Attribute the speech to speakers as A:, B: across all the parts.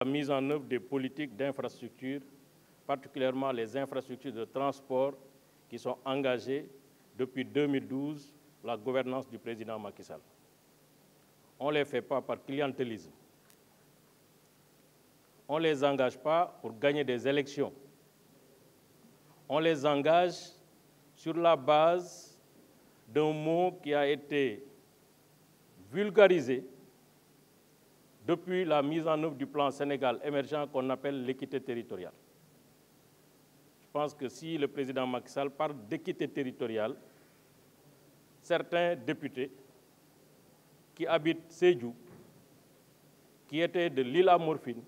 A: La mise en œuvre des politiques d'infrastructure, particulièrement les infrastructures de transport qui sont engagées depuis 2012, la gouvernance du président Macky Sall. On ne les fait pas par clientélisme. On ne les engage pas pour gagner des élections. On les engage sur la base d'un mot qui a été vulgarisé depuis la mise en œuvre du plan Sénégal émergent qu'on appelle l'équité territoriale. Je pense que si le président Macky Sall parle d'équité territoriale, certains députés qui habitent Sejou, qui étaient de l'île à Morphine,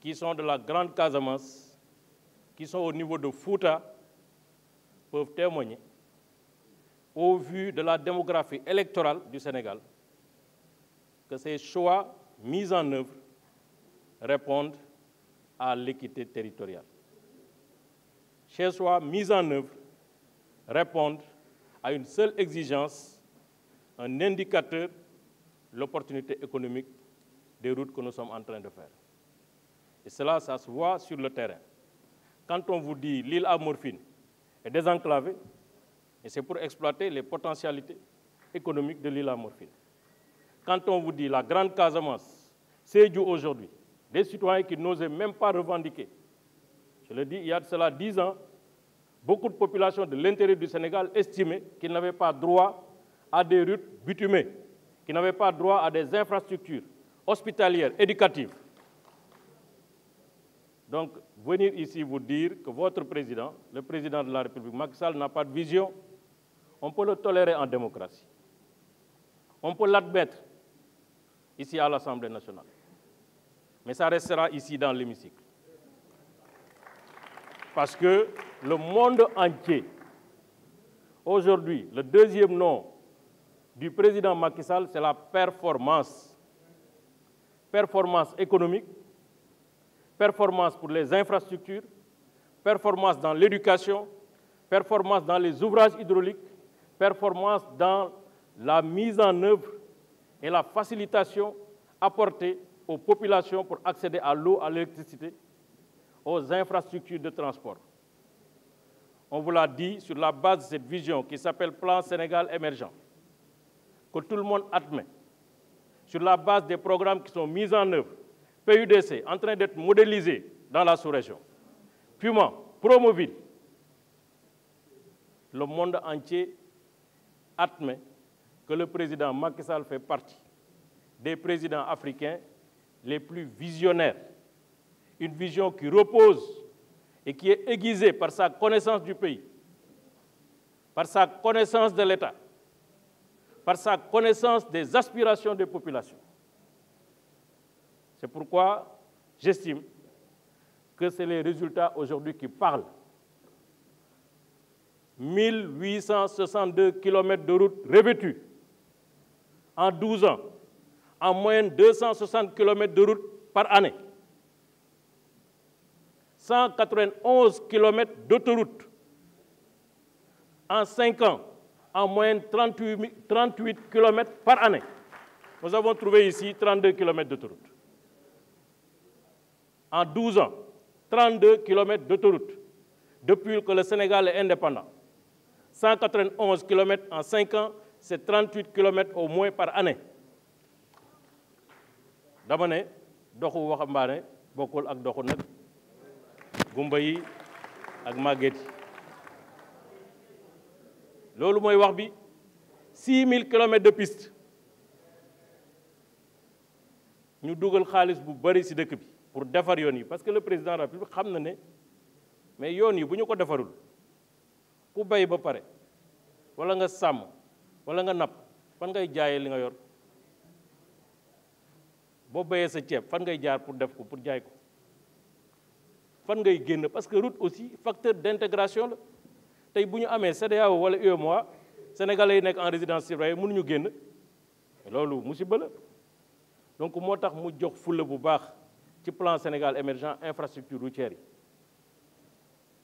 A: qui sont de la Grande Casamance, qui sont au niveau de Fouta, peuvent témoigner, au vu de la démographie électorale du Sénégal, que ces choix mis en œuvre répondent à l'équité territoriale. Ces choix mis en œuvre répondent à une seule exigence, un indicateur, l'opportunité économique des routes que nous sommes en train de faire. Et cela, ça se voit sur le terrain. Quand on vous dit l'île à morphine est désenclavée, et c'est pour exploiter les potentialités économiques de l'île à morphine. Quand on vous dit la Grande Casamance, c'est dû aujourd'hui, des citoyens qui n'osaient même pas revendiquer. Je le dis, il y a de cela dix ans, beaucoup de populations de l'intérieur du Sénégal estimaient qu'ils n'avaient pas droit à des routes bitumées, qu'ils n'avaient pas droit à des infrastructures hospitalières, éducatives. Donc, venir ici vous dire que votre président, le président de la République, Macky n'a pas de vision, on peut le tolérer en démocratie. On peut l'admettre ici à l'Assemblée nationale. Mais ça restera ici dans l'hémicycle. Parce que le monde entier, aujourd'hui, le deuxième nom du président Macky Sall, c'est la performance. Performance économique, performance pour les infrastructures, performance dans l'éducation, performance dans les ouvrages hydrauliques, performance dans la mise en œuvre et la facilitation apportée aux populations pour accéder à l'eau, à l'électricité, aux infrastructures de transport. On vous l'a dit, sur la base de cette vision qui s'appelle Plan Sénégal émergent, que tout le monde admet, sur la base des programmes qui sont mis en œuvre, PUDC en train d'être modélisé dans la sous-région, Puma, Promoville, le monde entier admet que le président Macky Sall fait partie des présidents africains les plus visionnaires. Une vision qui repose et qui est aiguisée par sa connaissance du pays, par sa connaissance de l'État, par sa connaissance des aspirations des populations. C'est pourquoi j'estime que c'est les résultats aujourd'hui qui parlent. 1862 kilomètres de route revêtus en 12 ans, en moyenne 260 km de route par année, 191 km d'autoroute en 5 ans, en moyenne 38, km par année. Nous avons trouvé ici 32 km d'autoroute. En 12 ans, 32 km d'autoroute depuis que le Sénégal est indépendant. 191 km en 5 ans c'est 38 km au moins par année dama ne doxu waxambaane bokkul ak doxu nag gumba yi ak màgget yi Moy mooy wax bi 6000 kilomètres de piste nous devons xaalis bu bari ci dëkk bi pour défendre yoon parce que le président de la République xam na ne mais yoon yi bu ñu ko defarul ku bay ba pare walla nga wala nga napp fan ngay jaayee li nga yor boo bayee sa ceeb fan ngay jaar pour def ko pour jaay ko fan ngay génn parce que route aussi facteur d'intégration la tey bu ñu amee CEDEAO wala UEMOA sénégalais yi nekk en résidence surveillée mënuñu génn loolu mu si la donc moo tax mu jox fulla bu baax ci plan Sénégal émergent infrastructure routière yi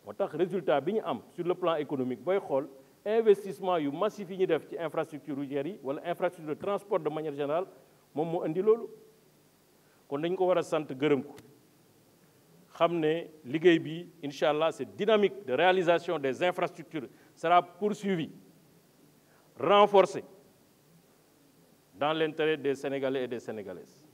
A: moo tax résultat bi ñu am sur le plan économique booy xool investissement yu massif yi ñu def ci infrastructure de transport de manière générale indi kon a gërëm ko bi cette dynamique de réalisation des infrastructures sera poursuivie renforcée dans l'intérêt des Sénégalais et des Sénégalaises